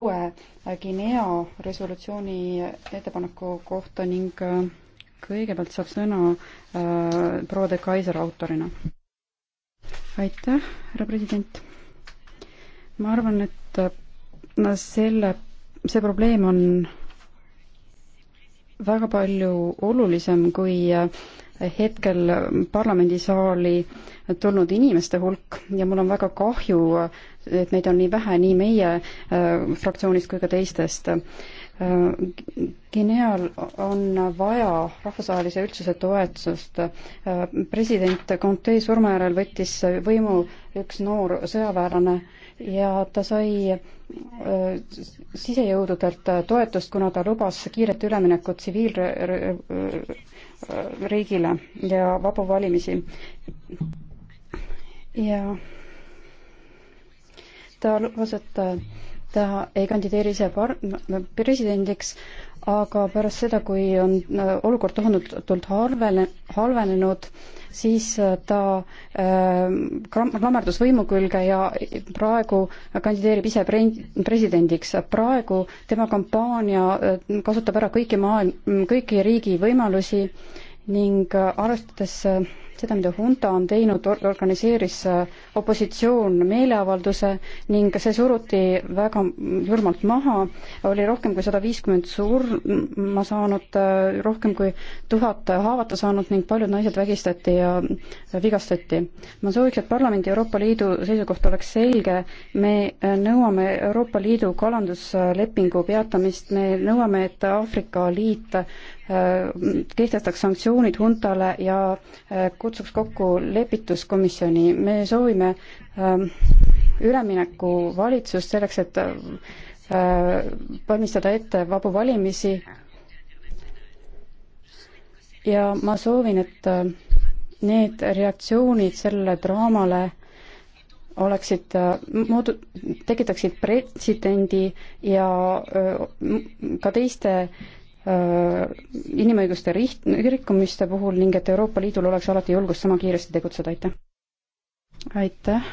uue Guinea resolutsiooni ettepaneku kohta ning äh, kõigepealt saab sõna äh, proua de Kaiser autorina. aitäh, härra president. ma arvan, et äh, no selle, see probleem on väga palju olulisem kui äh, hetkel parlamendisaali tulnud inimeste hulk ja mul on väga kahju äh, et meid on nii vähe nii meie äh, fraktsioonist kui ka teistest. Äh, Guineal on vaja rahvusvahelise üldsuse toetust. Äh, president Conte surma järel võttis võimu üks noor sõjaväelane ja ta sai sisejõududelt toetust, kuna ta lubas kiiret üleminekut tsiviilriigile ja vabu valimisi. ja ta arvas, et ta ei kandideeri ise par-, presidendiks, aga pärast seda, kui on olukord tohutult halvene, halvenenud, siis ta äh, klammerdus võimu külge ja praegu kandideerib ise pre-, presidendiks. praegu tema kampaania äh, kasutab ära kõiki maailm, kõiki riigi võimalusi ning äh, arvestades äh, seda, mida hunta on teinud, organiseeris äh, opositsioon meeleavalduse ning see suruti väga julmalt maha, oli rohkem kui sada viiskümmend surma saanut, äh, rohkem kui tuhat haavata saanut ning paljud naised vägistati ja äh, vigastati. ma sooviks, et parlamendi Euroopa Liidu seisukoht oleks selge, me nõuame Euroopa Liidu kalanduslepingu peatamist, me nõuame, et Aafrika Liit kehtestaks sanktsioonid huntale ja kutsuks kokku lepituskomisjoni, me soovime ähm, üleminekuvalitsust selleks, et äh, valmistada ette vabu valimisi. ja ma soovin, et äh, need reaktsioonid sellele draamale oleksid, äh, moodu-, tekitaksid pretsedendi ja ka teiste Äh, inimõiguste riht-, rikkumiste puhul ning et Euroopa Liidul oleks alati julgust sama kiiresti tegutseda, aitäh! aitäh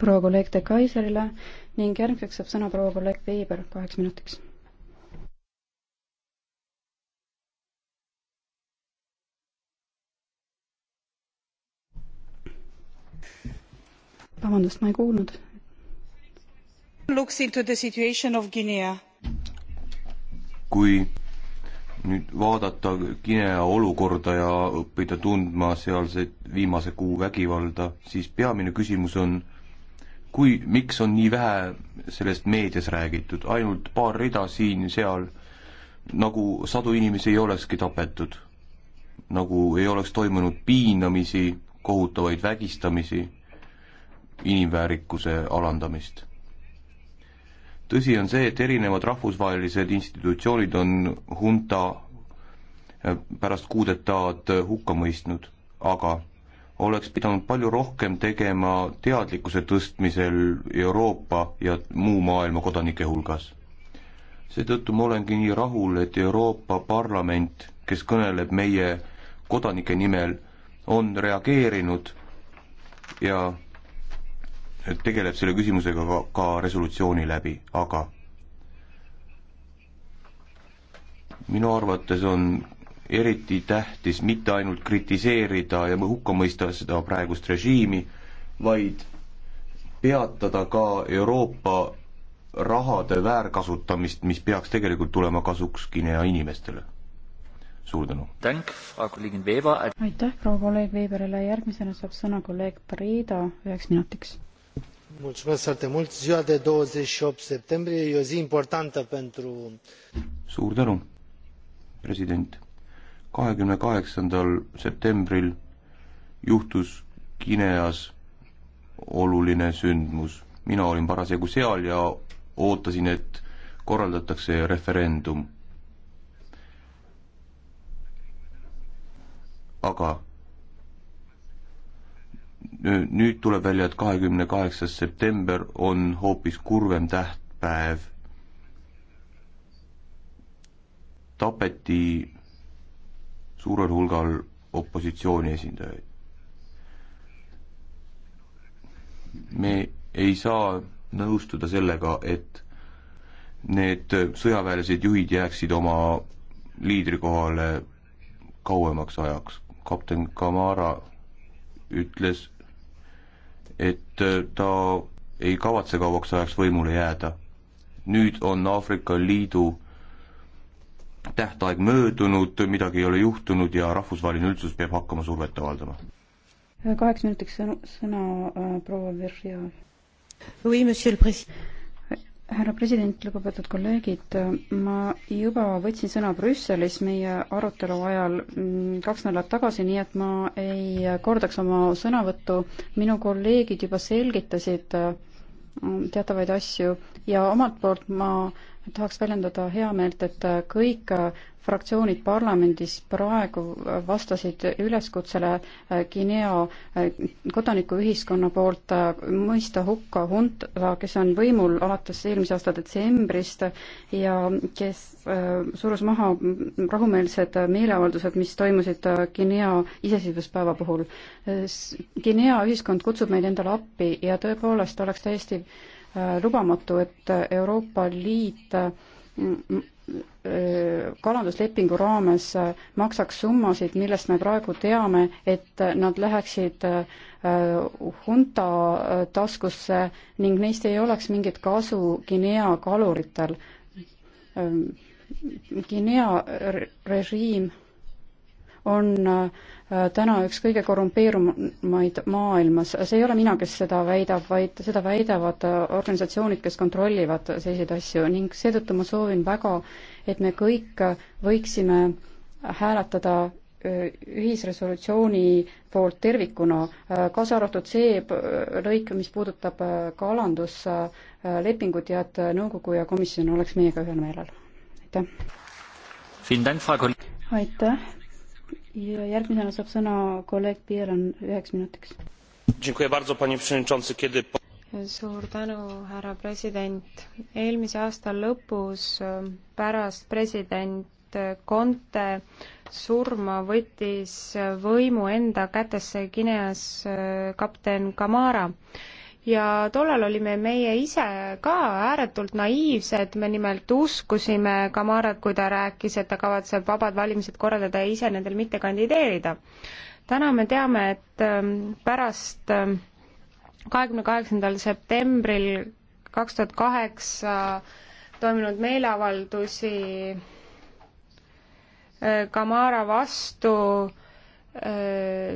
proua kolleeg De Kaiserile ning järgmiseks saab sõna proua kolleeg Veeber kaheks minutiks. vabandust, ma ei kuulnud. Looks into the situation of Guinea kui nüüd vaadata Guinea olukorda ja õppida tundma sealseid viimase kuu vägivalda, siis peamine küsimus on, kui, miks on nii vähe sellest meedias räägitud, ainult paar rida siin-seal, nagu sadu inimesi ei olekski tapetud, nagu ei oleks toimunud piinamisi, kohutavaid vägistamisi, inimväärikuse alandamist tõsi on see, et erinevad rahvusvahelised institutsioonid on hunta eh, pärast kuudetaad eh, hukka mõistnud, aga oleks pidanud palju rohkem tegema teadlikkuse tõstmisel Euroopa ja muu maailma kodanike hulgas. seetõttu ma olengi nii rahul, et Euroopa Parlament, kes kõneleb meie kodanike nimel, on reageerinud ja tegeleb selle küsimusega ka, ka resolutsiooni läbi, aga minu arvates on eriti tähtis mitte ainult kritiseerida ja hukka mõista seda praegust režiimi, vaid peatada ka Euroopa rahade väärkasutamist, mis peaks tegelikult tulema kasuks Guinea inimestele. suur tänu. aitäh proua kolleeg Weberile, järgmisena saab sõna kolleeg Breda üheks minutiks ziua de douăzeci și opt septembrie e o zi importantă pentru. septembril juhtus Guineas oluline sündmus. mina olin parasjagu seal ja ootasin, et korraldatakse referendum. aga nüüd tuleb välja, et kahekümne kaheksas september on hoopis kurvem tähtpäev. tapeti suurel hulgal opositsiooni esindajaid. me ei saa nõustuda sellega, et need sõjaväelased juhid jääksid oma liidrikohale kauemaks ajaks. kapten Kamara ütles, et äh, ta ei kavatse kauaks ajaks võimule jääda. nüüd on Aafrika Liidu tähtaeg möödunud, midagi ei ole juhtunud ja rahvusvaheline üldsus peab hakkama survet avaldama. kaheks minutiks sõna, sõna äh, proua Verja. Oui, monsieur le président härra president, lugupeetud kolleegid, ma juba võtsin sõna Brüsselis meie arutelu ajal mm, kaks nädalat tagasi, nii et ma ei kordaks oma sõnavõttu. minu kolleegid juba selgitasid mm, teatavaid asju ja omalt poolt ma tahaks väljendada heameelt, et kõik fraktsioonid parlamendis praegu vastasid üleskutsele äh, Guinea äh, kodanikuühiskonna poolt äh, mõista hukka hunta, kes on võimul alates eelmise aasta detsembrist ja kes surus maha rahumeelsed meeleavaldused, mis toimusid Guinea iseseisvuspäeva puhul. Guinea ühiskond kutsub meid endale appi ja tõepoolest oleks täiesti Äh, lubamatu, et Euroopa Liit mm, mm, äh, kalanduslepingu raames äh, maksaks summasid, millest me praegu teame, et nad läheksid hunta taskusse ning neist ei oleks mingit kasu Guinea kaluritel. Ähm, Guinea režiim on äh, Äh, täna üks kõige korrumpeerumaid maailmas. see ei ole mina, kes seda väidab, vaid seda väidavad äh, organisatsioonid, kes kontrollivad selliseid asju ning seetõttu ma soovin väga, et me kõik võiksime hääletada äh, ühisresolutsiooni poolt tervikuna, kaasa arvatud see lõik, mis puudutab kalanduslepingut ja et nõukogu ja komisjon oleks meiega ühel meelel. aitäh! aitäh, ja järgmisena saab sõna kolleeg Piiran üheks minutiks. suur tänu, härra president. eelmise aasta lõpus ähm, pärast president äh, Conte surma võttis äh, võimu enda kätesse Guineas äh, kapten Camara ja tollal olime meie ise ka ääretult naiivsed, me nimelt uskusime Kamarat, kui ta rääkis, et ta kavatseb vabad valimised korraldada ja ise nendel mitte kandideerida. täna me teame, et ähm, pärast ähm, kahekümne kaheksandal septembril kaks tuhat kaheksa toimunud meeleavaldusi äh, Kamara vastu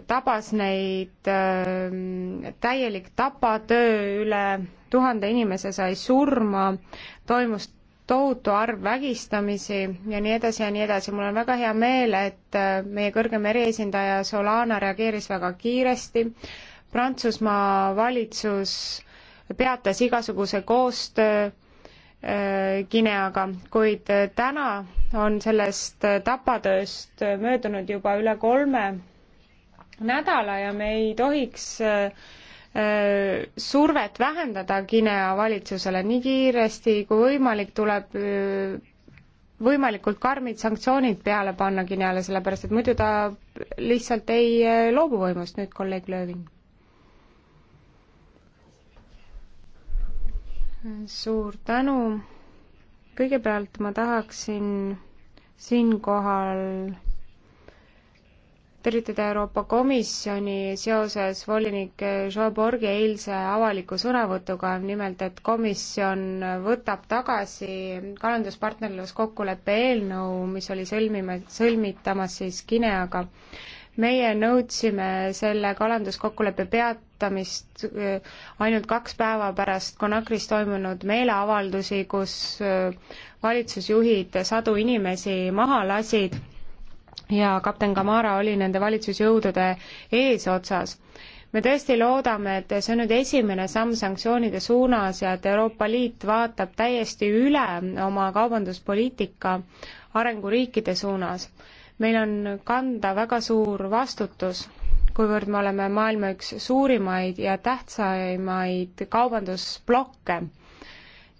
tabas neid täielik tapatöö, üle tuhande inimese sai surma, toimus tohutu arv vägistamisi ja nii edasi ja nii edasi. mul on väga hea meel, et meie kõrgem eriesindaja Solana reageeris väga kiiresti. Prantsusmaa valitsus peatas igasuguse koostöö Guineaga, kuid täna on sellest tapatööst möödunud juba üle kolme nädala ja me ei tohiks äh, äh, survet vähendada Guinea valitsusele nii kiiresti kui võimalik, tuleb äh, võimalikult karmid sanktsioonid peale panna Guineale, sellepärast et muidu ta lihtsalt ei loobu võimust, nüüd kolleeg Lööving. suur tänu, kõigepealt ma tahaksin siinkohal tervitada Euroopa Komisjoni seoses volinik Joe Borgi eilse avaliku sõnavõtuga, nimelt et komisjon võtab tagasi kalanduspartnerluskokkuleppe eelnõu, mis oli sõlmime, sõlmitamas siis Guineaga. meie nõudsime selle kalanduskokkuleppe peatamist äh, ainult kaks päeva pärast Conakris toimunud meeleavaldusi, kus äh, valitsusjuhid sadu inimesi maha lasid ja kapten Kamara oli nende valitsusjõudude eesotsas. me tõesti loodame, et see on nüüd esimene samm sanktsioonide suunas ja et Euroopa Liit vaatab täiesti üle oma kaubanduspoliitika arenguriikide suunas. meil on kanda väga suur vastutus, kuivõrd me oleme maailma üks suurimaid ja tähtsaimaid kaubandusplokke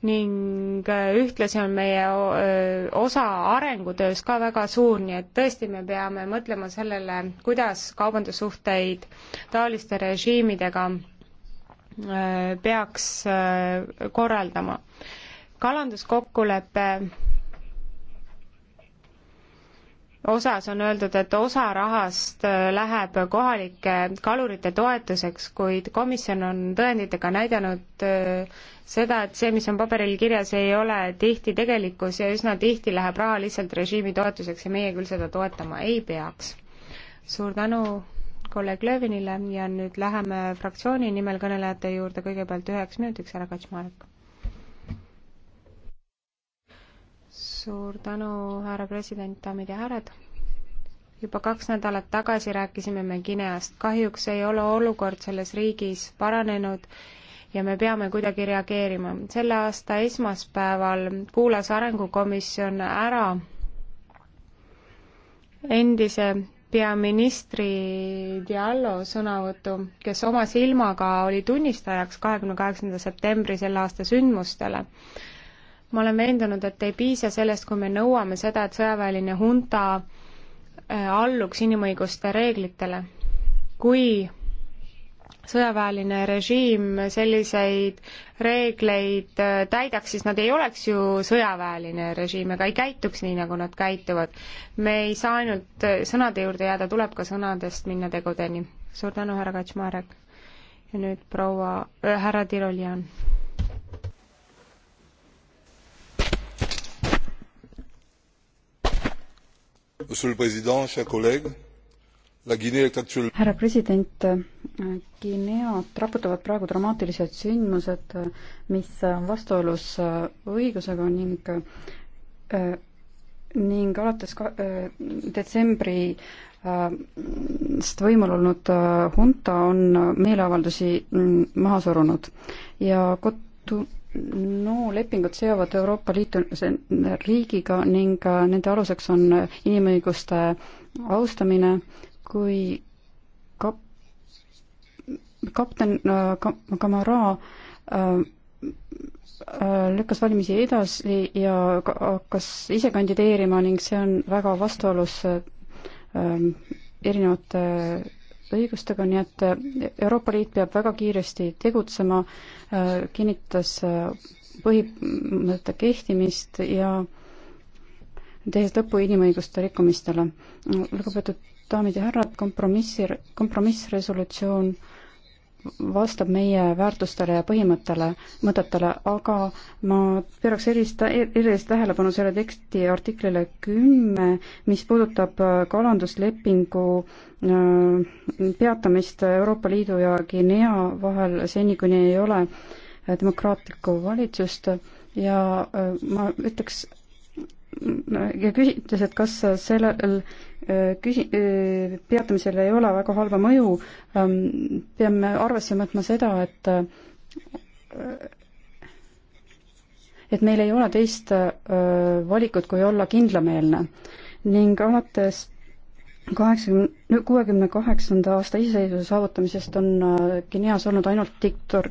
ning äh, ühtlasi on meie äh, osa arengutöös ka väga suur, nii et tõesti me peame mõtlema sellele, kuidas kaubandussuhteid taoliste režiimidega äh, peaks korraldama. kalanduskokkulepe osas on öeldud, et osa rahast äh, läheb kohalike kalurite toetuseks, kuid komisjon on tõenditega näidanud äh, seda, et see, mis on paberil kirjas, ei ole tihti tegelikkus ja üsna tihti läheb raha lihtsalt režiimi toetuseks ja meie küll seda toetama ei peaks. suur tänu kolleeg Löövinile ja nüüd läheme fraktsiooni nimel kõnelejate juurde, kõigepealt üheks minutiks härra Kaczmarek suur tänu, härra president, daamid ja härrad. juba kaks nädalat tagasi rääkisime me Guineast. kahjuks ei ole olukord selles riigis paranenud ja me peame kuidagi reageerima. selle aasta esmaspäeval kuulas Arengukomisjon ära endise peaministri Diallo sõnavõtu, kes oma silmaga oli tunnistajaks kahekümne kaheksanda septembri selle aasta sündmustele ma olen veendunud, et ei piisa sellest, kui me nõuame seda, et sõjaväeline hunta äh, alluks inimõiguste reeglitele. kui sõjaväeline režiim selliseid reegleid äh, täidaks, siis nad ei oleks ju sõjaväeline režiim ega ei käituks nii, nagu nad käituvad. me ei saa ainult äh, sõnade juurde jääda, tuleb ka sõnadest minna tegudeni. suur tänu, härra Kaczmarek. ja nüüd proua äh,, härra Tiroljan härra president, äh, Guineat raputavad praegu dramaatilised sündmused, äh, mis äh, on vastuolus õigusega ning ning alates ka, detsembri sest võimul olnud hunta on meeleavaldusi mm, maha surunud ja kodu no lepingud seovad Euroopa Liitu riigiga ning äh, nende aluseks on äh, inimõiguste austamine, kui kap-, kapten äh, ka-, Kamara äh, lükkas valimisi edasi ja hakkas ise kandideerima ning see on väga vastuolus äh, erinevate äh, õigustega, nii et äh, Euroopa Liit peab väga kiiresti tegutsema, äh, kinnitas äh, põhimõtte kehtimist ja tehes lõpu inimõiguste rikkumistele. lugupeetud daamid ja härrad, kompromissi, kompromissresolutsioon äh, vastab meie väärtustele ja põhimõttele, mõtetele, aga ma pööraks erilist, erilist tähelepanu selle teksti artiklile kümme, mis puudutab äh, kalanduslepingu äh, peatamist Euroopa Liidu ja Guinea vahel seni, kuni ei ole äh, demokraatlikku valitsust ja ma ütleks, ja küsides, et kas sellel äh, küsi-, äh, peatamisel ei ole väga halba mõju, ähm, peame arvesse võtma seda, et äh, et meil ei ole teist valikut, kui olla kindlameelne. ning alates kaheksakümne, kuuekümne kaheksanda aasta iseseisvuse saavutamisest on Guineas olnud ainult diktor,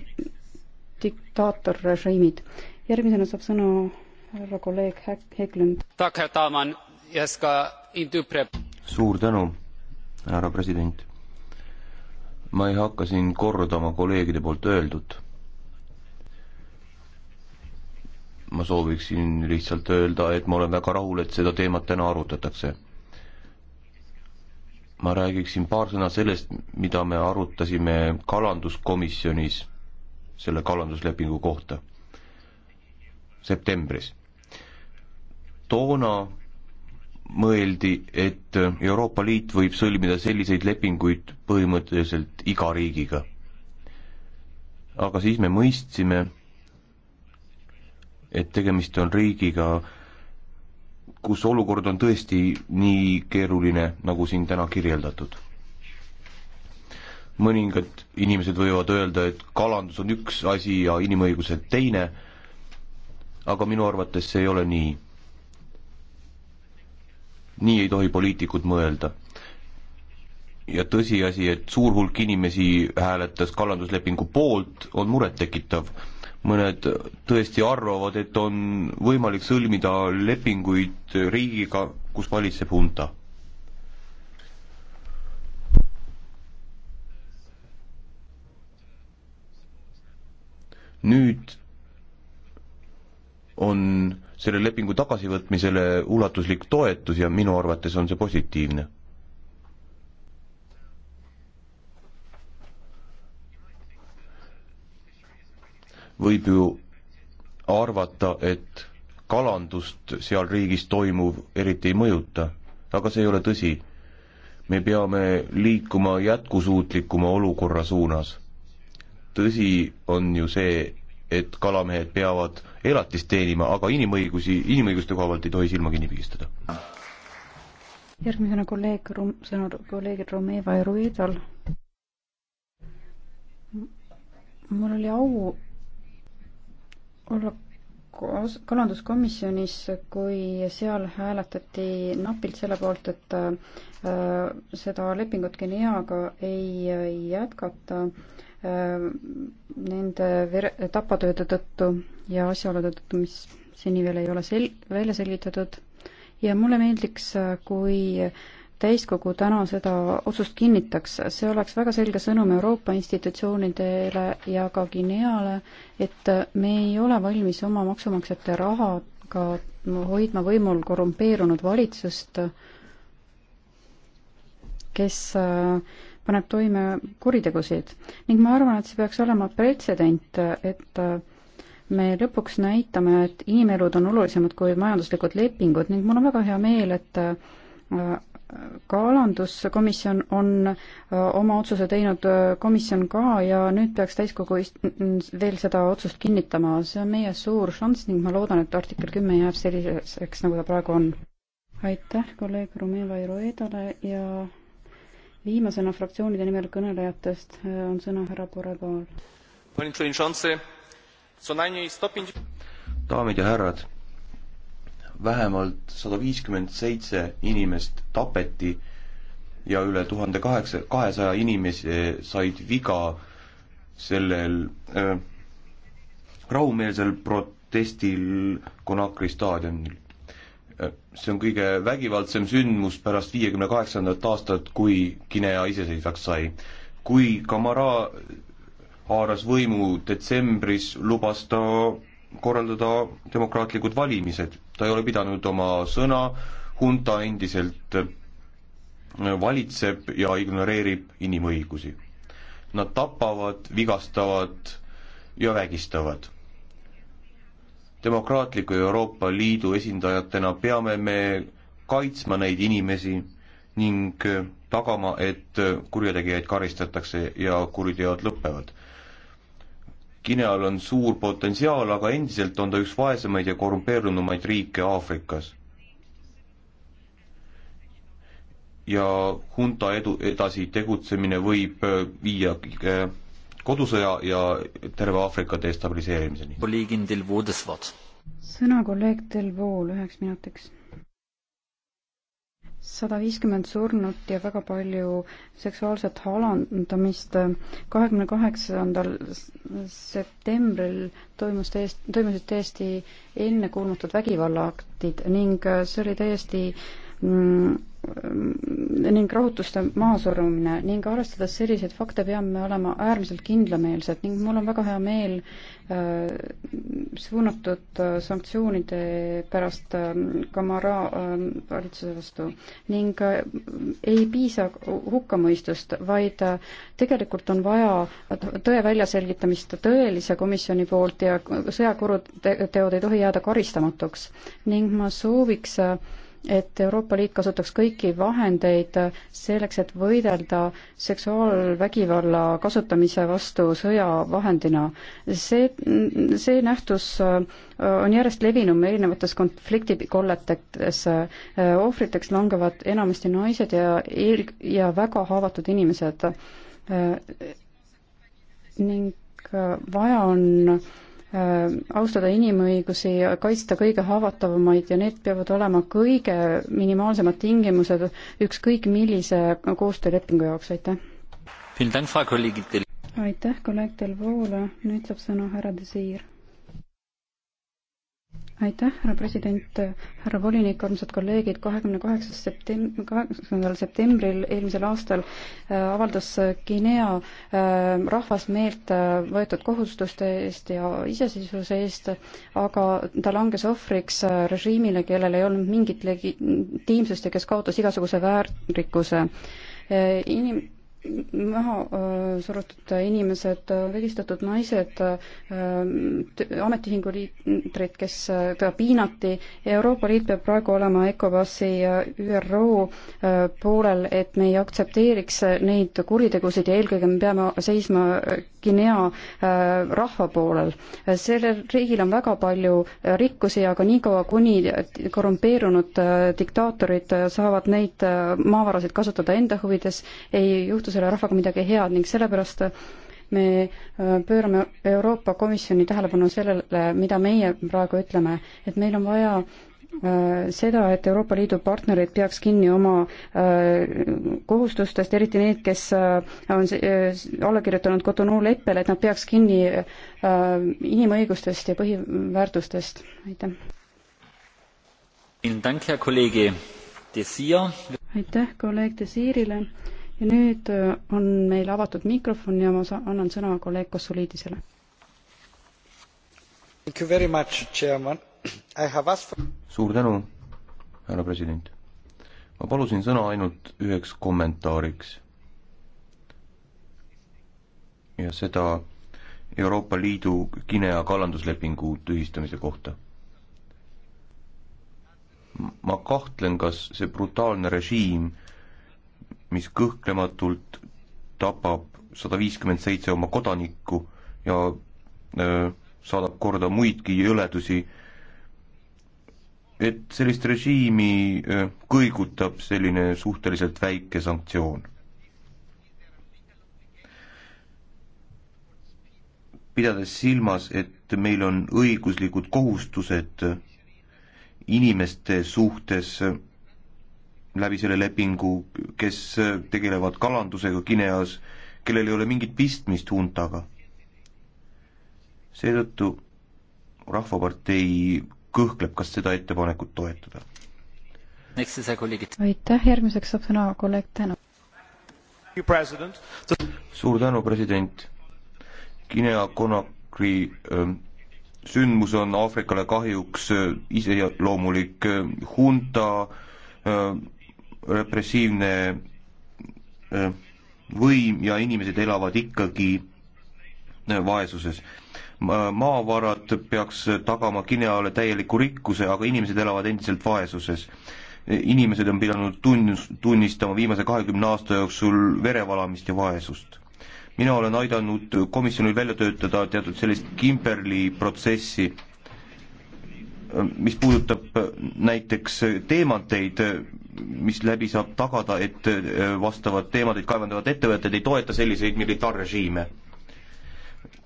diktaatorrežiimid. järgmisena saab sõna härra kolleeg Heglund. suur tänu, härra president. ma ei hakka siin kordama kolleegide poolt öeldut. ma sooviksin lihtsalt öelda, et ma olen väga rahul, et seda teemat täna arutatakse ma räägiksin paar sõna sellest, mida me arutasime kalanduskomisjonis selle kalanduslepingu kohta septembris toona mõeldi, et Euroopa Liit võib sõlmida selliseid lepinguid põhimõtteliselt iga riigiga. aga siis me mõistsime, et tegemist on riigiga, kus olukord on tõesti nii keeruline, nagu siin täna kirjeldatud. mõningad inimesed võivad öelda, et kalandus on üks asi ja inimõigused teine, aga minu arvates see ei ole nii nii ei tohi poliitikud mõelda. ja tõsiasi, et suur hulk inimesi hääletas kallanduslepingu poolt, on murettekitav. mõned tõesti arvavad, et on võimalik sõlmida lepinguid riigiga, kus valitseb hunta nüüd on selle lepingu tagasivõtmisele ulatuslik toetus ja minu arvates on see positiivne. võib ju arvata, et kalandust seal riigis toimuv eriti ei mõjuta, aga see ei ole tõsi. me peame liikuma jätkusuutlikuma olukorra suunas. tõsi on ju see, et kalamehed peavad elatist teenima, aga inimõigusi, inimõiguste koha pealt ei tohi silma kinni pigistada. järgmisena kolleeg, sõna kolleegid Romeva ja Ruidal. mul oli au olla koos kalanduskomisjonis, kui seal hääletati napilt selle poolt, et äh, seda lepingut Guineaga ei jätkata äh, Ehm, nende ver-, tapatööde tõttu ja asjaolude tõttu, mis seni veel ei ole sel-, välja selgitatud ja mulle meeldiks, kui täiskogu täna seda otsust kinnitaks, see oleks väga selge sõnum Euroopa institutsioonidele ja ka Guineale, et me ei ole valmis oma maksumaksjate rahaga hoidma võimul korrumpeerunud valitsust, kes äh, paneb toime kuritegusid ning ma arvan, et see peaks olema pretsedent, et äh, me lõpuks näitame, et inimelud on olulisemad kui majanduslikud lepingud ning mul on väga hea meel, et äh, kalanduskomisjon on äh, oma otsuse teinud, komisjon ka, ja nüüd peaks täiskogu veel seda otsust kinnitama. see on meie suur šanss ning ma loodan, et artikkel kümme jääb selliseks, nagu ta praegu on. aitäh kolleeg Romeva Iroedale ja viimasena fraktsioonide nimel kõnelejatest äh, on sõna härra Borrell. daamid ja härrad, vähemalt sada viiskümmend seitse inimest tapeti ja üle tuhande kaheksa, kahesaja inimese said viga sellel äh, rahumeelsel protestil Conakry staadionil see on kõige vägivaldsem sündmus pärast viiekümne kaheksandat aastat, kui Guinea iseseisvaks sai. kui Camara haaras võimu detsembris, lubas ta korraldada demokraatlikud valimised. ta ei ole pidanud oma sõna, hunta endiselt valitseb ja ignoreerib inimõigusi. Nad tapavad, vigastavad ja vägistavad demokraatliku Euroopa Liidu esindajatena peame me kaitsma neid inimesi ning tagama, et kurjategijaid karistatakse ja kuriteod lõpevad. Guineal on suur potentsiaal, aga endiselt on ta üks vaesemaid ja korrumpeerunumaid riike Aafrikas. ja hunta edu, edasi tegutsemine võib äh, viia äh, kodusõja ja terve Aafrika destabiliseerimiseni. sõna kolleeg Delvool üheks minutiks sada viiskümmend surnut ja väga palju seksuaalset halandamist. kahekümne kaheksandal septembril toimus täiesti, toimusid täiesti ennekuulmatud vägivallaaktid ning äh, see oli täiesti Mm, ning rahutuste mahasurumine ning arvestades selliseid fakte, peame olema äärmiselt kindlameelsed ning mul on väga hea meel äh, suunatud äh, sanktsioonide pärast äh, Kamara valitsuse vastu ning ei piisa hukkamõistust, vaid tegelikult on vaja tõe väljaselgitamist tõelise komisjoni poolt ja sõjakuruteod ei tohi jääda karistamatuks ning ma sooviks et Euroopa Liit kasutaks kõiki vahendeid selleks, et võidelda seksuaalvägivalla kasutamise vastu sõjavahendina. see, see nähtus äh, on järjest levinum erinevates konfliktikolletes. Äh, ohvriteks langevad enamasti naised ja eel- ja väga haavatud inimesed. Äh, ning vaja on Äh, austada inimõigusi, kaitsta kõige haavatavamaid ja need peavad olema kõige minimaalsemad tingimused ükskõik millise koostöölepingu jaoks, aitäh. aitäh kolleeg Del Voole, nüüd saab sõna härra Desir aitäh, härra president, härra volinik, armsad kolleegid, kahekümne kaheksas septem-, kaheksandal septembril eelmisel aastal äh, avaldas Guinea äh, rahvas meelt äh, võetud kohustuste eest ja iseseisvuse eest, aga ta langes ohvriks režiimile, kellel ei olnud mingit legitiimsust ja kes kaotas igasuguse väärikuse. inim-, maha surutud inimesed, vägistatud naised, ametiühingu liidrid, kes teda piinati. Euroopa Liit peab praegu olema ECOWAS-i ja ÜRO poolel, et me ei aktsepteeriks neid kuritegusid ja eelkõige me peame seisma Guinea äh, rahva poolel. sellel riigil on väga palju äh, rikkusi, aga niikaua, kuni korrumpeerunud äh, diktaatorid saavad neid maavarasid kasutada enda huvides, ei juhtu selle rahvaga midagi head ning sellepärast me pöörame Euroopa Komisjoni tähelepanu sellele, mida meie praegu ütleme, et meil on vaja Äh, seda, et Euroopa Liidu partnerid peaks kinni oma äh, kohustustest, eriti need, kes äh, on alla kirjutanud Cotonou leppele, et nad peaks kinni inimõigustest ja põhiväärtustest, aitäh. aitäh kolleeg Desiirile ja nüüd on meil avatud mikrofon ja ma annan sõna kolleeg Kossuliidisele. Thank you very much, chairman. I have asked for suur tänu, härra president. ma palusin sõna ainult üheks kommentaariks. ja seda Euroopa Liidu Guinea kalanduslepingu tühistamise kohta. ma kahtlen, kas see brutaalne režiim, mis kõhklematult tapab sada viiskümmend seitse oma kodanikku ja öö, äh, saadab korda muidki jõledusi, et sellist režiimi äh, kõigutab selline suhteliselt väike sanktsioon. pidades silmas, et meil on õiguslikud kohustused äh, inimeste suhtes äh, läbi selle lepingu, kes tegelevad kalandusega Guineas, kellel ei ole mingit pistmist huntaga. seetõttu Rahvapartei kõhkleb, kas seda ettepanekut toetada. aitäh, järgmiseks saab sõna kolleeg Tänu. suur tänu, president. Guinea-Conakry ähm, sündmus on Aafrikale kahjuks äh, iseloomulik äh, hunta ähm, repressiivne äh, võim ja inimesed elavad ikkagi vaesuses maavarad peaks tagama Guineale täieliku rikkuse, aga inimesed elavad endiselt vaesuses. inimesed on pidanud tunnus, tunnistama viimase kahekümne aasta jooksul verevalamist ja vaesust. mina olen aidanud komisjonil välja töötada teatud sellist Kimberli protsessi, mis puudutab näiteks teemanteid, mis läbi saab tagada, et vastavad teemadeid kaevandavad ettevõtted ei toeta selliseid militaarrežiime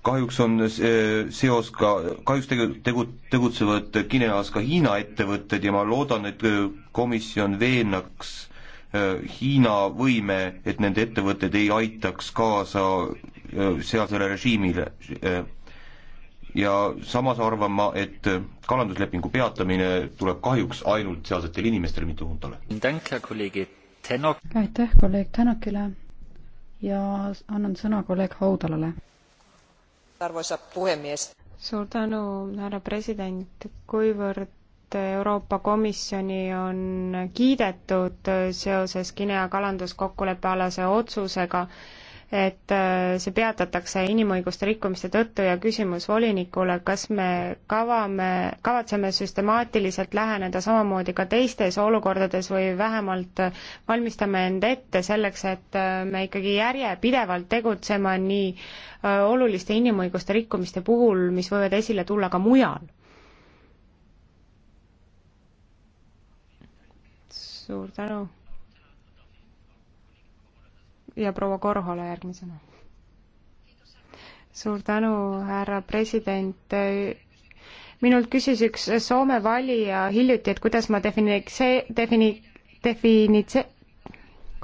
kahjuks on eh, seos ka, kahjuks tegu, tegu, tegutsevad Guineas ka Hiina ettevõtted ja ma loodan, et eh, komisjon veenaks eh, Hiina võime, et nende ettevõtted ei aitaks kaasa sealsele režiimile. ja samas arvan ma, et kalanduslepingu peatamine tuleb kahjuks ainult sealsetele inimestele, mitte huntale. aitäh kolleeg Tänakile ja annan sõna kolleeg Haudalale arvoisa puhemies. suur tänu, härra president, kuivõrd Euroopa Komisjoni on kiidetud seoses Guinea kalanduskokkuleppe alase otsusega, et äh, see peatatakse inimõiguste rikkumiste tõttu ja küsimus volinikule, kas me kavame, kavatseme süstemaatiliselt läheneda samamoodi ka teistes olukordades või vähemalt valmistame end ette selleks, et äh, me ikkagi järjepidevalt tegutsema nii äh, oluliste inimõiguste rikkumiste puhul, mis võivad esile tulla ka mujal suur tänu ja proua Korhola järgmisena. suur tänu, härra president minult küsis üks Soome valija hiljuti, et kuidas ma definiks, defini-, definitse-,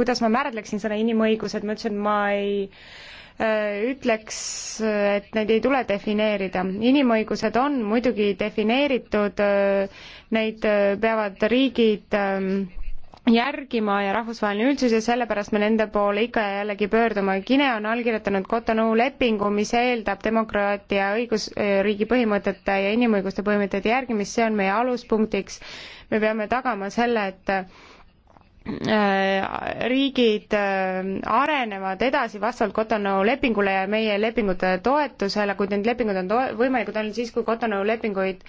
kuidas ma määratleksin sõna inimõigused, ma ütlesin, et ma ei äh, ütleks, et neid ei tule defineerida. inimõigused on muidugi defineeritud, äh, neid äh, peavad riigid öö, ähm, järgima ja rahvusvaheline üldsus ja sellepärast me nende poole ikka ja jällegi pöördume. Guinea on allkirjutanud Cotonou lepingu, mis eeldab demokraatia, õigusriigi äh, põhimõtete ja inimõiguste põhimõtete järgimist, see on meie aluspunktiks. me peame tagama selle, et äh, riigid äh, arenevad edasi vastavalt Cotonou lepingule ja meie lepingute toetusele, kuid need lepingud on to-, võimalikud ainult siis, kui Cotonou lepinguid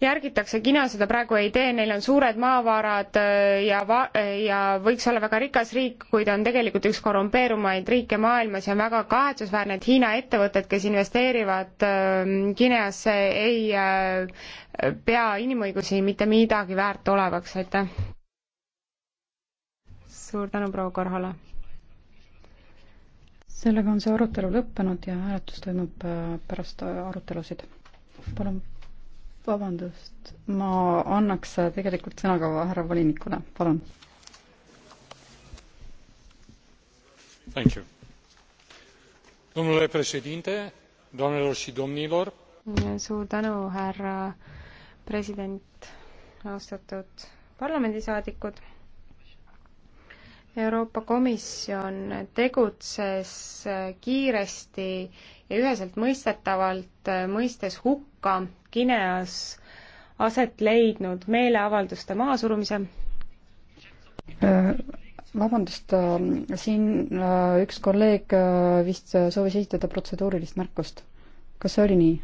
järgitakse, Hiina seda praegu ei tee, neil on suured maavarad äh, ja va-, äh, ja võiks olla väga rikas riik, kuid on tegelikult üks korrumpeerumaid riike maailmas ja on väga kahetsusväärne, et Hiina ettevõtted, kes investeerivad Hiinasse, ähm, ei äh, pea inimõigusi mitte midagi väärt olevaks, aitäh! suur tänu, proua Korhola! sellega on see arutelu lõppenud ja hääletus toimub pärast arutelusid. palun vabandust, ma annaks tegelikult sõna ka härra volinikule, palun. domnule președinte, doamnelor și domnilor. suur tänu, härra president, austatud parlamendisaadikud. Euroopa Komisjon tegutses kiiresti ja üheselt mõistetavalt, äh, mõistes hukka Guineas aset leidnud meeleavalduste mahasurumise. Äh, vabandust, äh, siin üks kolleeg vist soovis esitada protseduurilist märkust. kas see oli nii?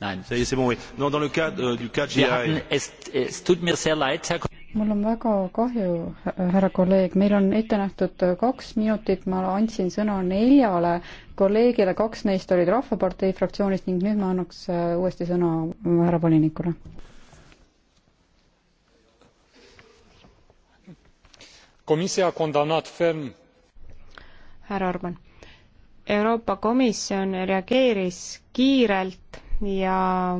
nein. es tut mir sehr leid herr kollege mul on väga kahju, härra kolleeg, meil on ette nähtud äh, kaks minutit, ma andsin sõna neljale kolleegile, kaks neist olid Rahvapartei fraktsioonist ning nüüd ma annaks äh, uuesti sõna härra volinikule. komisjon on kondamnat ferm. härra Orban, Euroopa Komisjon reageeris kiirelt ja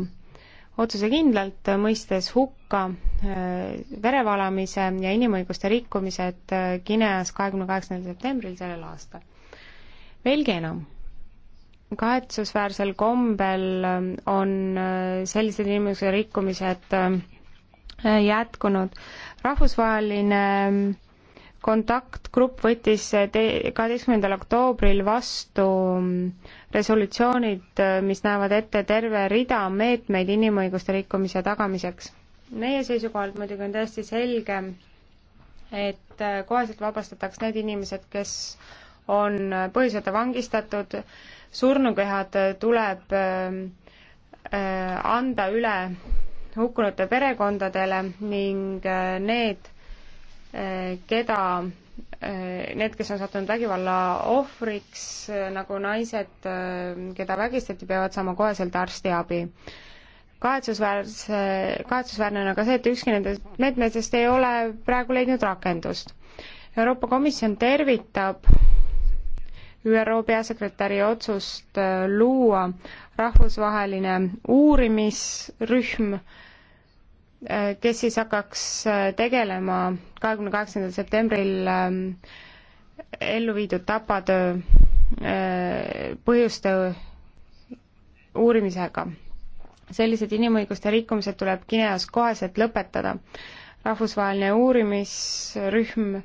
otsusekindlalt, mõistes hukka äh, verevalamise ja inimõiguste rikkumised äh, Guineas kahekümne kaheksandal septembril sellel aastal. veelgi enam, kahetsusväärsel kombel äh, on sellised inimõiguse rikkumised jätkunud. rahvusvaheline kontaktgrupp võttis kaheteistkümnendal oktoobril vastu resolutsioonid, mis näevad ette terve rida meetmeid inimõiguste rikkumise tagamiseks. meie seisukohalt muidugi on täiesti selge, et koheselt vabastataks need inimesed, kes on põhiseaduse vangistatud, surnukehad tuleb äh, anda üle hukkunute perekondadele ning äh, need Eh, keda eh, need, kes on sattunud vägivalla ohvriks, eh, nagu naised, keda vägistati, peavad saama koheselt arstiabi. kahetsusväärse, kahetsusväärne on aga see, et ükski nendest meetmetest ei ole praegu leidnud rakendust. Euroopa Komisjon tervitab ÜRO peasekretäri otsust luua rahvusvaheline uurimisrühm äh, kes siis hakkaks äh, tegelema kahekümne kaheksandal septembril ähm, ellu viidud tapatöö äh, põhjuste uurimisega. sellised inimõiguste rikkumised tuleb Guineas koheselt lõpetada. rahvusvaheline uurimisrühm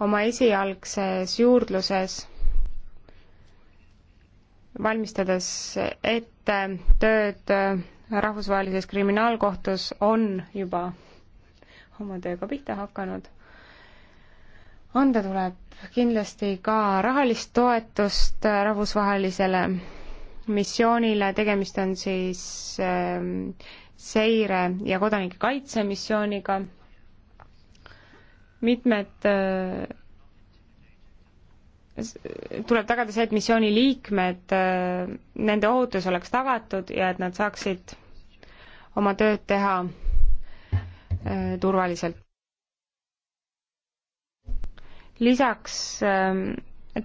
oma esialgses juurdluses valmistades ette tööd äh, rahvusvahelises kriminaalkohtus on juba oma tööga pihta hakanud. anda tuleb kindlasti ka rahalist toetust rahvusvahelisele missioonile, tegemist on siis äh, seire- ja kodanike kaitsemissiooniga. mitmed äh, tuleb tagada see, et missiooni liikmed, äh, nende ohutus oleks tagatud ja et nad saaksid oma tööd teha äh, turvaliselt. lisaks ähm,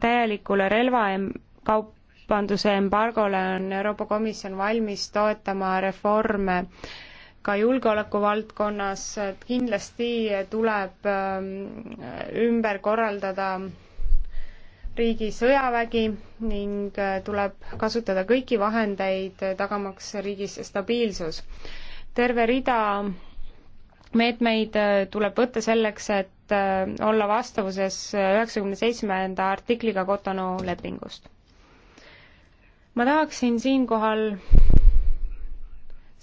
täielikule relvakaubanduse embargole on Euroopa Komisjon valmis toetama reforme ka julgeoleku valdkonnas, kindlasti tuleb ähm, ümber korraldada riigi sõjavägi ning äh, tuleb kasutada kõiki vahendeid, äh, tagamaks riigis stabiilsus. terve rida meetmeid äh, tuleb võtta selleks, et olla vastavuses üheksakümne seitsmenda artikliga Cotonou lepingust. ma tahaksin siinkohal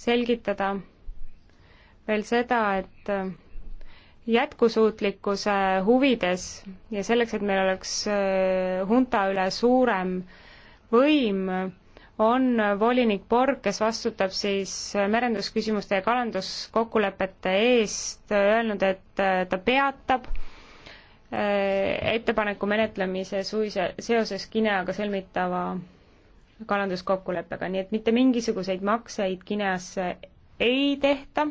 selgitada veel seda, et jätkusuutlikkuse huvides ja selleks, et meil oleks äh, hunta üle suurem võim, on volinik Borg, kes vastutab siis äh, merendusküsimuste ja kalanduskokkulepete eest, äh, öelnud, et ta peatab ettepaneku menetlemise suisa, seoses Guineaga sõlmitava kalanduskokkuleppega, nii et mitte mingisuguseid makseid Guineasse ei tehta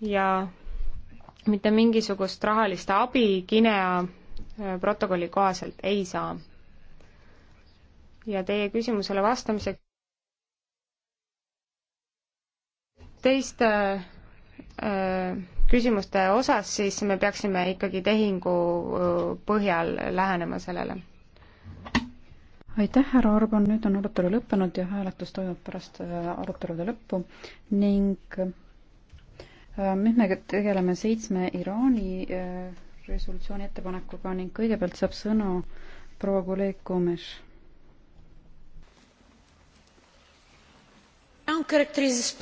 ja mitte mingisugust rahalist abi Guinea äh, protokolli kohaselt ei saa. ja teie küsimusele vastamiseks teiste öö, äh, küsimuste osas, siis me peaksime ikkagi tehingu äh, põhjal lähenema sellele. aitäh, härra Orban, nüüd on arutelu lõppenud ja hääletus toimub pärast arutelude lõppu ning Äh, nüüd me tegeleme seitsme Iraani äh, resolutsiooni ettepanekuga ning kõigepealt saab sõna proua kolleeg Gomes. am caracterizat